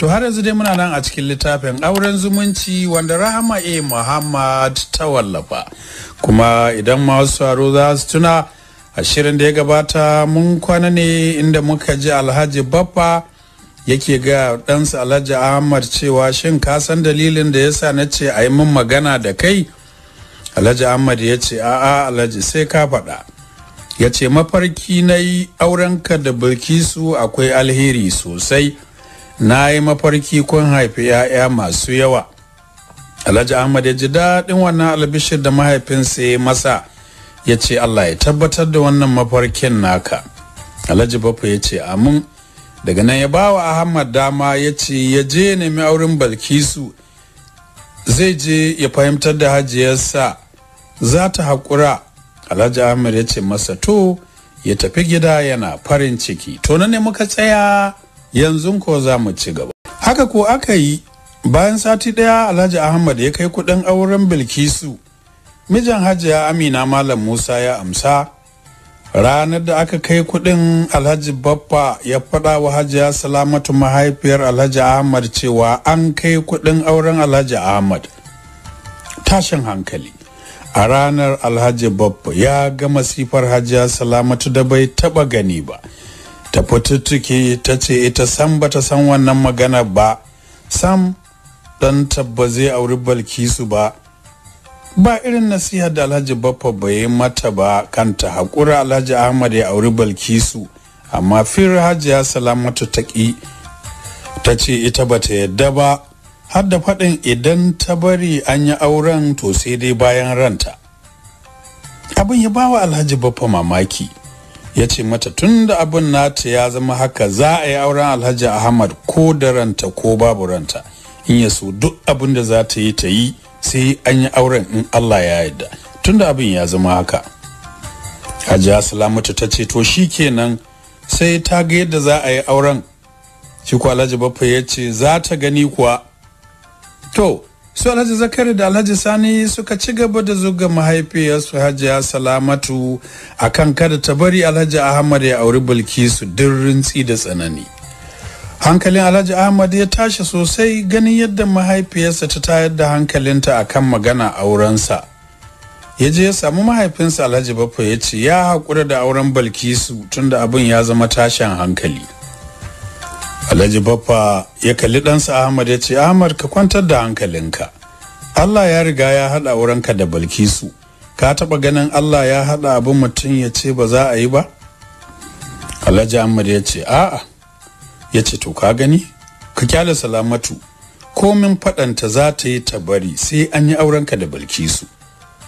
To har yanzu dai muna nan a cikin littafin auren zumunci wanda Rahama A. Muhammad ta wallafa. Kuma idan masu aro za su tuna a shirin da ya gabata mun kwana ne inda muka ji Alhaji Baffa yake ga ɗansa Alhaji Ahmad cewa shin ka san dalilin da ya sa na ce a yi min magana da kai? Alhaji Ahmad ya ce a'a Alhaji sai ka faɗa. Ya ce mafarki na yi aurenka da Bilkisu akwai alheri sosai. na yi mafarki kun haifi 'ya'ya masu yawa alhaji ahmad ya ji daɗin wannan albishir da mahaifinsa ya masa ya ce allah ya tabbatar da wannan mafarkin naka alhaji bafa ya ce amin daga nan ya ba wa ahmad dama ya ce ya je nemi auren balkisu zai je ya fahimtar da hajiyarsa za ta haƙura alhaji ahmad ya ce masa to ya tafi gida yana farin ciki to ne muka tsaya yanzu ko za mu ci gaba haka ko aka yi bayan sati ɗaya alhaji ahmad ya kai kuɗin auren bilkisu mijin hajiya amina malam musa ya amsa ranar da aka kai kuɗin alhaji baffa ya faɗa wa hajiya salamatu mahaifiyar alhaji ahmad cewa an kai kuɗin auren alhaji ahmad tashin hankali a ranar alhaji babba ya ga masifar hajiya salamatu da bai taɓa gani ba ta fituttuke ta ce ita sam bata san wannan magana ba sam dan tabba zai auri balkisu ba ba irin nasiha da alhaji baffa bai mata ba kanta haƙura alhaji ahmad ya auri balkisu amma fir hajiya salamatu ta ta ce ita bata yadda ba har da faɗin idan ta bari an yi auren to sai dai bayan ranta abin ya bawa alhaji baffa mamaki ya ce mata tun da abin nata ya zama haka za a yi auren alhaji ahmad ko da ranta ko babu ranta in ya so duk abin da za ta yi ta yi sai an yi auren in allah ya yadda tun da abin ya zama haka hajiya salamatu ta ce to shi kenan sai ta ga yadda za a yi auren shi ko alhaji baffa ya ce za ta gani kuwa to su alhaji zakari da alhaji sani suka ci gaba da zuga mahaifiyarsu hajiya salamatu akan kada ta bari alhaji ahmad ya auri bilkisu duk rintsi da tsanani hankalin alhaji ahmad ya tashi sosai ganin yadda mahaifiyarsa ta tayar da hankalinta akan magana aurensa ya je ya samu mahaifinsa alhaji bafa ya ce ya haƙura da auren Bilkisu, tunda abin ya zama tashin hankali Alhaji Baffa ya kalli ɗansa Ahmad ya ce Ahmad ka kwantar da hankalinka. Allah ya riga ya haɗa wurinka da Balkisu. Ka taɓa ganin Allah ya haɗa abin mutum ya ce ba za a yi ba? Alhaji Ahmad ya ce a'a. Ya ce to ka gani? Ka kyale salamatu. Komin faɗanta za ta yi ta bari sai an yi aurenka da Balkisu.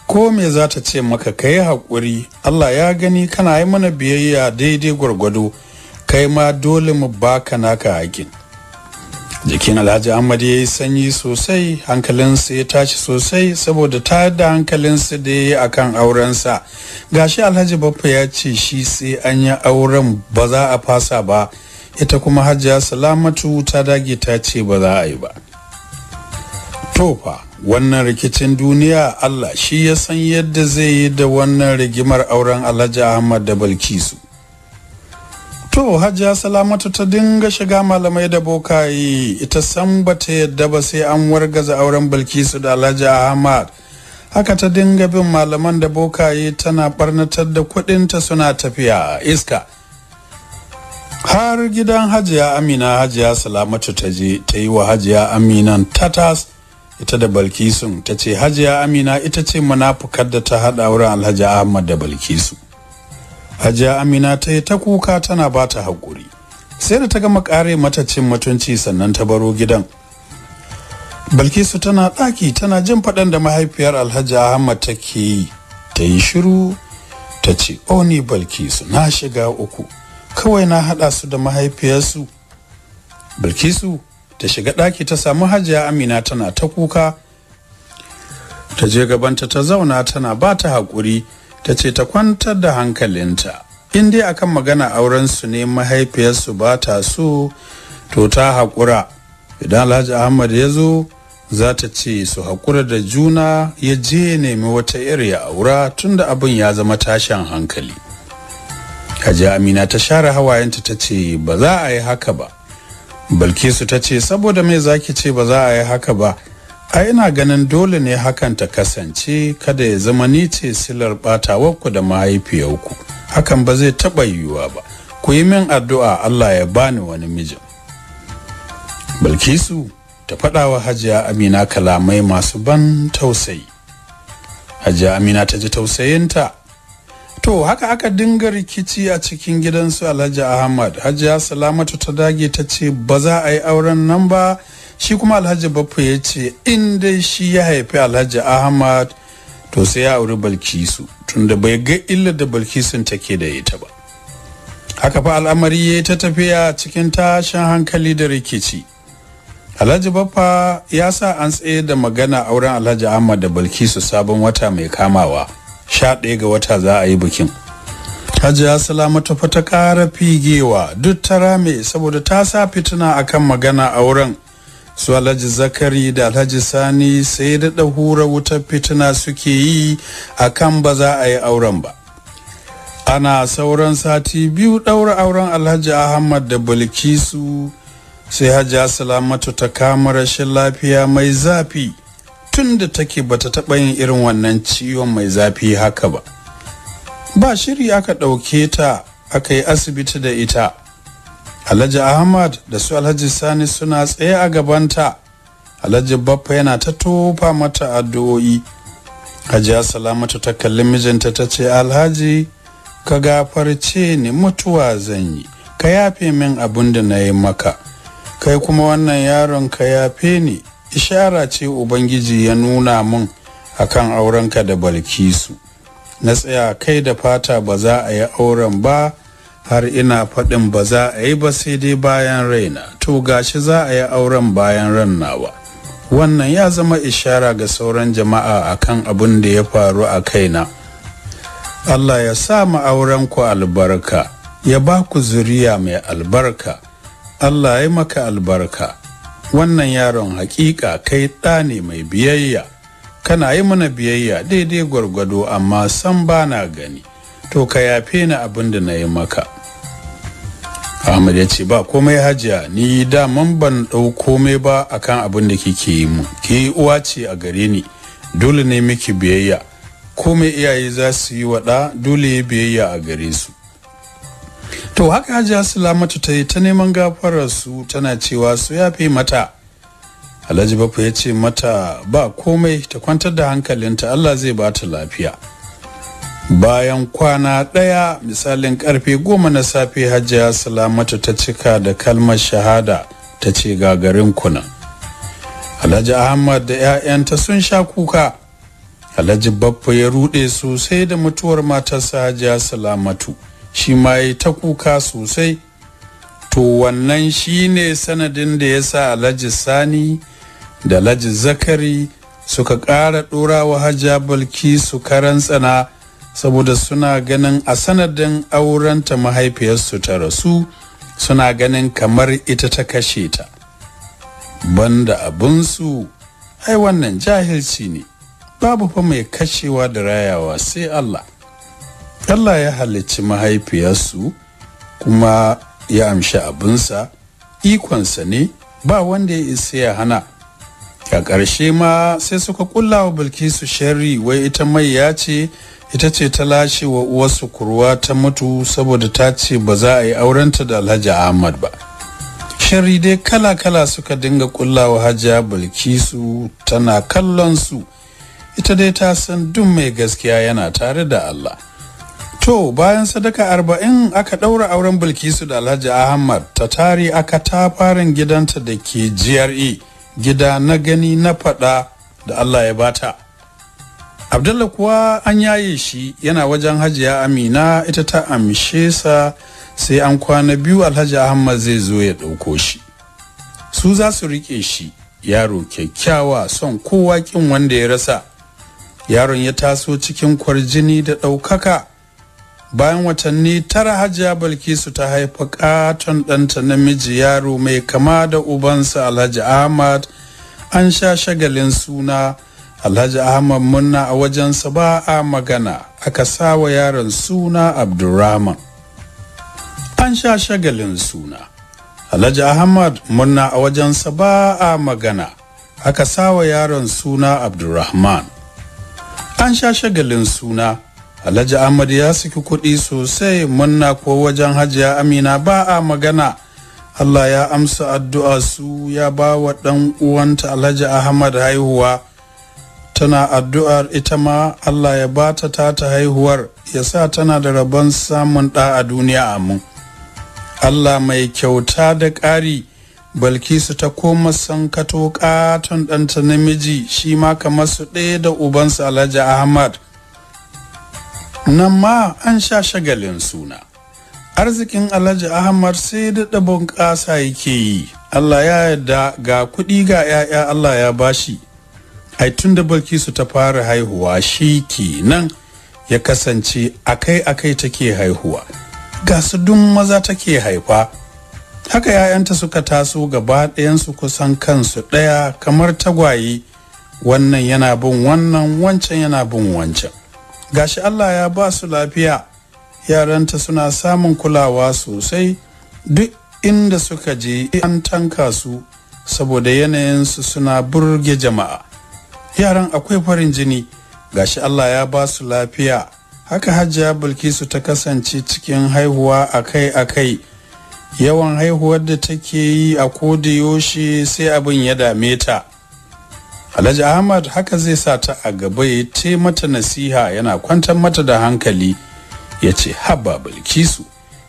Ko me za ta ce maka ka yi haƙuri Allah ya gani kana yi mana biyayya daidai gwargwado. kai ma dole mu baka naka hakin jikin alhaji ahmad ya yi sanyi sosai hankalinsa ya tashi sosai saboda ta da hankalinsa da ya yi a kan aurensa gashi alhaji baffa ya ce shi sai an yi auren ba za a fasa ba ita kuma hajiya salamatu ta dage ta ce ba za a yi ba Tofa wannan rikicin duniya allah shi ya san yadda zai yi da wannan rigimar auren alhaji ahmad da balkisu to hajiya salamatu ta dinga shiga malamai da bokayi ita san bata yadda ba sai an wargaza auren bilkisu da alhaji ahmad haka ta dinga bin malaman da bokaye tana barnatar da kudinta suna tafiya iska har gidan hajiya amina hajiya salamatu ta je ta yi wa hajiya Amina tatas ita da balkisun ta ce hajiya amina ita ce munafukar da ta haɗa wurin alhaji ahmad da balkisu hajiya amina ta yi ta kuka tana ba ta haƙuri sai da ta gama ƙare mata cin mutunci sannan ta baro gidan balkisu tana ɗaki tana jin faɗan da mahaifiyar alhaji ahmad take yi ta yi shiru ta ce ni, balkisu na shiga uku kawai na haɗa su da mahaifiyarsu bilkisu ta shiga ɗaki ta samu hajiya amina tana ta kuka ta je gabanta ta zauna tana ba ta haƙuri ta ce ta kwantar da hankalinta in dai akan magana aurensu ne mahaifiyarsu ba ta so to ta haƙura idan alhaji ahmad ya zo za ta ce su haƙura da juna ya je nemi wata ya aura tun da abin ya zama tashin hankali Haji Amina ta share hawayenta ta ce ba za a yi haka ba. Balkisu ta ce saboda mai zaki ce ba za a yi haka ba a ina ganin dole ne hakan ta kasance kada ya zama ni ce silar ku da mahaifiyarku hakan ba zai taɓa yiwuwa ba ku yi min addu'a allah ya bani wani mijin bilkisu ta faɗawa hajiya amina kalamai masu ban tausayi hajiya amina ta ji tausayinta to haka aka dinga rikici a cikin gidansu alhaji ahmad hajiya salamatu ta dage ta ce ba za a yi auren nan ba shi kuma alhaji baffa ya ce in dai shi ya haifi alhaji ahmad to sai ya auri balkisu tunda bai ga illar da balkisun take da ita ba haka fa al'amari ya ta tafiya cikin tashin hankali da rikici alhaji baffa ya sa an tsaye da magana auren alhaji ahmad da balkisu sabon wata mai kamawa sha ɗaya ga wata za a yi bikin hajiya ya salama ta ƙara figewa duk ta rame saboda ta sa fitina akan magana auren su alhaji zakari da alhaji sani sai da hura wutar fitina suke yi a kan ba za a yi auren ba ana sauran sati biyu ɗaura auren alhaji ahmad da bilkisu sai hajji salamatu ta kama rashin lafiya mai zafi tun da take bata taɓa yin irin wannan ciwon mai zafi haka ba ba shiri aka ɗauke ta aka yi asibiti da ita alhaji ahmad da su alhaji sani suna tsaye a gabanta alhaji baffa yana ta tofa mata addu'o'i hajiya salamatu ta kalli mijinta ta ce alhaji ka gafarce ni mutuwa zan yi ka yafe min abin da na yi maka kai kuma wannan yaron ka yafe ni ishara ce ubangiji ya nuna mun akan aurenka da balkisu na tsaya kai da fata ba za a yi auren ba har ina faɗin ba za a yi ba sai dai bayan raina to gashi za a yi auren bayan rannawa. wannan ya zama ishara ga sauran jama'a akan abin da ya faru a kaina Allah ya sa auren ku albarka ya ba ku zuriya mai albarka Allah ya maka albarka wannan yaron hakika kai ɗa ne mai biyayya kana yi mana biyayya daidai gwargwado amma san bana gani to ka yafe ni abin da na yi maka ahmad ya ce ba komai hajiya ni daman ban ɗau komai ba akan abin da kike yi mu ke uwa ce a gare ni dole ne miki biyayya komai iyaye za su yi waɗa dole ya biyayya a gare su to haka hajiya salamatu ta yi ta neman gafarar su tana cewa su yafe mata alhaji bafa ya ce mata ba komai ta kwantar da hankalinta allah zai ba ta lafiya bayan kwana ɗaya misalin karfe goma na safe hajiya salamatu ta cika da kalmar shahada ta ce gagarin kuna alhaji ahmad da 'ya'yanta sun sha kuka alhaji baffa ya ruɗe sosai da mutuwar matarsa hajiya salamatu shi ma yi ta kuka sosai to wannan shi ne sanadin da ya sa alhaji sani da alhaji zakari suka ƙara ɗora wa hajiya balki su karan tsana saboda suna ganin a sanadin aurenta mahaifiyarsu ta rasu suna ganin kamar ita ta kashe ta banda abinsu ai wannan jahilci ne babu fa mai kashewa da rayawa sai Allah Allah ya halicci mahaifiyarsu kuma ya amshi abinsa ikonsa ne ba wanda ya isa ya hana a ƙarshe ma sai suka kulla wa bilkisu sharri wai ita mai ya ce ita ce ta lashe wa uwarsu kurwa ta mutu saboda ta ce ba za a yi aurenta da alhaji ahmad ba shari dai kala-kala suka dinga kullawa hajiya bilkisu tana kallon su ita dai ta san duk mai gaskiya yana tare da allah to bayan sadaka arba'in aka ɗaura auren bilkisu da alhaji ahmad ta tari aka ta farin gidanta da ke gre gida na gani na faɗa da allah ya bata abdullah kuwa an yaye shi yana wajen hajiya amina ita ta amshe sa sai an kwana biyu alhaji ahmad zai zo ya ɗauko shi su za su riƙe shi yaro kyakkyawa son kowa kin wanda ya rasa yaron ya taso cikin kwarjini da ɗaukaka bayan watanni tara hajiya balkisu ta haifa katon ɗanta namiji yaro mai kama da ubansa alhaji ahmad an sha shagalin suna Alhaji Ahmad Munna a wajensa ba a magana aka sawa yaron suna Abdurrahman. An sha shagalin suna. Alhaji Ahmad Munna a wajensa ba a magana aka sawa yaron suna Abdurrahman. An sha shagalin suna. Alhaji Ahmad ya saki kuɗi sosai Munna ko wajen hajiya Amina ba a magana. Allah ya amsa addu'a su ya ba wa ɗan uwanta Alhaji Ahmad haihuwa. tana addu'ar ita ma Allah ya bata ta ta haihuwar ya sa tana da rabon samun ɗa a duniya amin Allah mai kyauta da ƙari balkisu ta koma sankato katon ɗanta namiji shi ma kamar su ɗaya da ubansu alhaji ahmad nan ma an sha shagalin suna arzikin alhaji ahmad sai da ɗabon bunƙasa yake yi allah ya yarda ga kuɗi ga 'ya'ya allah ya bashi ai tun da su ta fara haihuwa shi kenan ya kasance akai-akai take haihuwa ga su dun maza take haifa haka yayanta suka taso gaba ɗayansu kusan kansu ɗaya kamar tagwaye wannan yana bin wannan wancan yana bin wancan gashi allah ya ba su lafiya yaranta suna samun kulawa sosai duk inda suka je an tanka su saboda yanayinsu suna burge jama'a yaran akwai farin jini gashi Allah ya ba su lafiya haka hajjiya bilkisu ta kasance cikin haihuwa akai-akai yawan haihuwar da take yi a yaushe sai abin ya dame ta alhaji ahmad haka zai sa ta a gaba ya ce mata nasiha yana kwantar mata da hankali ya ce haba bilkisu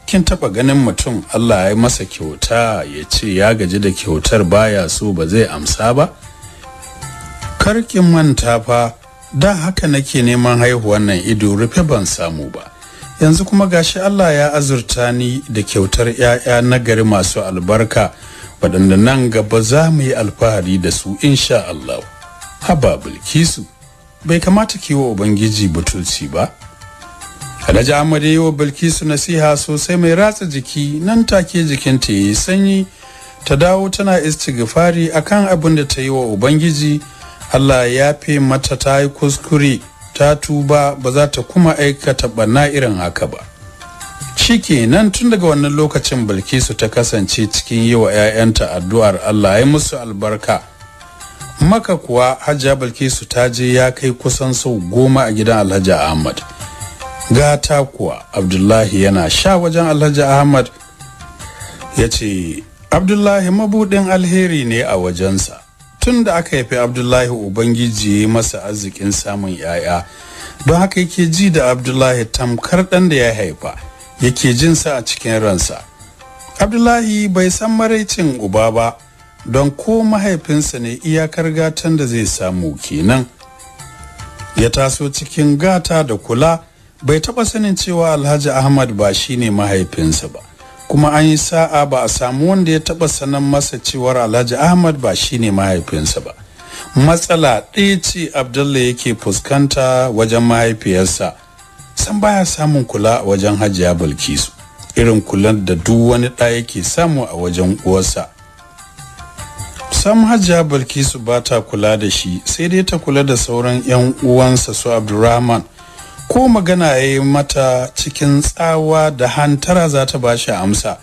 kin taba ganin mutum allah ya masa kyauta ya ce ya gaji da kyautar baya so ba zai amsa ba karkin manta fa da haka nake neman haihuwar nan ido rufe ban samu ba yanzu kuma gashi Allah ya azurta ni da kyautar 'ya'ya na gari masu albarka waɗanda nan gaba za mu yi alfahari da su insha Allah haba bilkisu bai kamata ki wa ubangiji butulci ba Alhaji Ahmad yi wa Bilkisu nasiha sosai mai ratsa jiki nan take jikinta yi sanyi ta dawo tana istighfari akan abin da ta yi wa Ubangiji Allah ya fi mata ta yi kuskure ta tuba ba za ta kuma aikata bana irin haka ba nan tun daga wannan lokacin bilkisu ta kasance cikin yi wa 'ya'yanta addu'ar Allah ya musu albarka maka kuwa hajiya bilkisu ta je ya kai kusan sau goma a gidan alhaji ahmad gata kuwa abdullahi yana sha wajen alhaji ahmad ya ce abdullahi mabuɗin alheri ne a wajensa tun da aka haifi abdullahi ubangiji ya yi masa arzikin samun yaya don haka yake ji da abdullahi tamkar ɗan da ya haifa yake jin sa a cikin ransa abdullahi bai san maraicin uba ba don ko mahaifinsa ne iyakar gatan da zai samu kenan ya taso cikin gata da kula bai taɓa sanin cewa alhaji ahmad ba shine mahaifinsa ba kuma an yi sa'a ba a samu wanda ya taba sanan masa cewar alhaji ahmad ba shine mahaifinsa ba matsala ɗaya ce abdullah yake fuskanta wajen mahaifiyarsa san baya samun kula a wajen hajiya bilkisu irin kulan da duk wani ɗa yake samu a wajen uwarsa sam hajiya bilkisu ba ta kula da shi sai dai ta kula da sauran 'yan uwansa su Abdulrahman. ko magana ya yi mata cikin tsawa da hantara za ta bashi amsa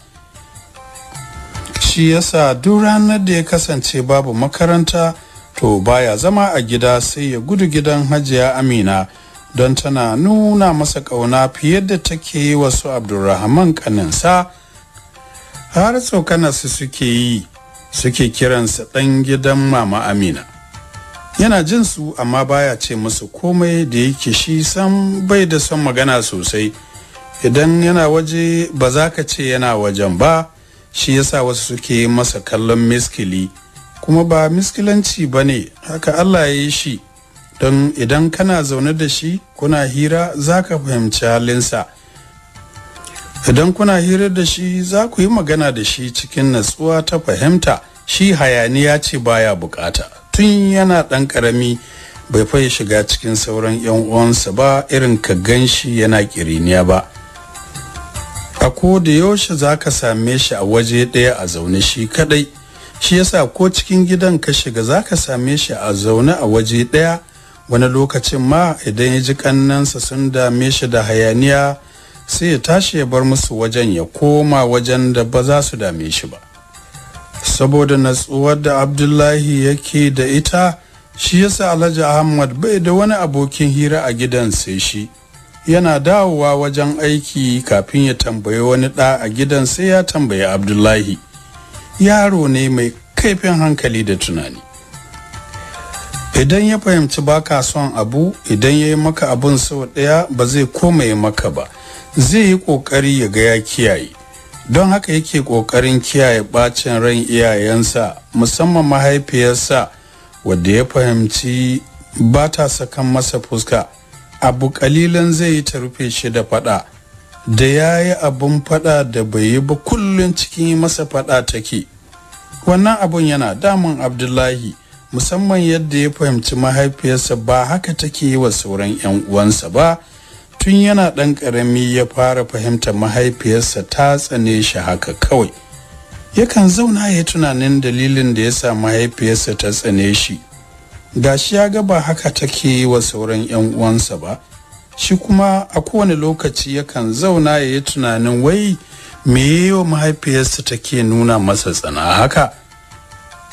shi yasa duk ranar da ya kasance babu makaranta to baya zama a gida sai ya gudu gidan hajiya amina don tana nuna masa ƙauna fiye da take yi wasu abdulrahman kaninsa har su suke yi suke kiransa ɗan gidan mama amina yana jin su amma baya ce musu komai da yake shi sam bai da son magana sosai idan yana waje ba za ka ce yana wajen ba shi yasa wasu suke masa kallon miskili kuma ba miskilanci ba ne haka allah ya yi shi don idan kana zaune da shi kuna hira za ka fahimci halinsa idan kuna hira da shi za ku yi magana da shi cikin natsuwa ta fahimta shi hayaniya ce baya bukata tun yana ɗan karami bai fai shiga cikin sauran 'yan uwansa ba irin ka ganshi yana kiriniya ba a ko da yaushe za ka same shi a waje ɗaya a zaune shi kadai shi yasa ko cikin gidan ka shiga za ka same shi a zaune a waje ɗaya wani lokacin ma idan ya ji ƙannansa sun dame shi da hayaniya sai ya tashi ya bar musu wajen ya koma wajen da ba za su dame shi ba saboda natsuwar da abdullahi yake da ita shi yasa alhaji ahmad bai da wani abokin hira a gidan sai shi yana dawowa wajen aiki kafin ya tambayi wani ɗa a gidan sai ya tambayi abdullahi yaro ne mai kaifin hankali da tunani idan ya fahimci baka son abu idan ya yi maka abun sau ɗaya ba zai komai maka ba zai yi ƙoƙari ya ga ya kiyaye don haka yake ƙoƙarin kiyaye ɓacin ran iyayensa musamman mahaifiyarsa wadda ya fahimci ba ta sakan masa fuska abu kalilan zai yi ta rufe shi da faɗa da ya yi abin faɗa da bai yi ba kullum cikin masa faɗa take wannan abun yana damun abdullahi musamman yadda ya fahimci mahaifiyarsa ba haka take yi wa sauran 'yan uwansa ba tun yana ɗan ƙarami ya fara fahimta mahaifiyarsa ta tsane shi haka kawai yakan zauna ya tunanin dalilin da ya sa mahaifiyarsa ta tsane shi Ga shi ya ga ba haka take yi wa sauran 'yan uwansa ba shi kuma a kowane lokaci yakan zauna ya yi tunanin wai me yi wa mahaifiyarsa take nuna masa tsana haka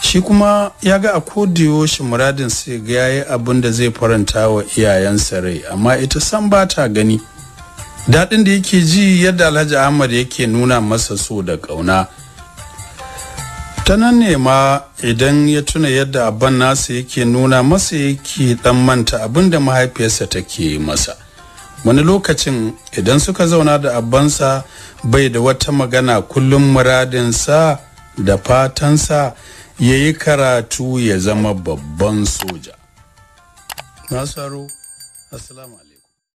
shi kuma ya ga a shi muradin sai ga yayi abin da zai faranta wa iyayensa rai amma ita san ba ta gani daɗin da yake ji yadda alhaji ahmad yake nuna masa so da ƙauna ta nan ne ma idan ya tuna yadda abban nasa yake nuna masa yake ɗan manta abin da mahaifiyarsa take masa wani lokacin idan suka zauna da abbansa bai da wata magana kullum muradinsa da fatansa ya yi karatu ya zama babban soja. Nasaru, Assalamu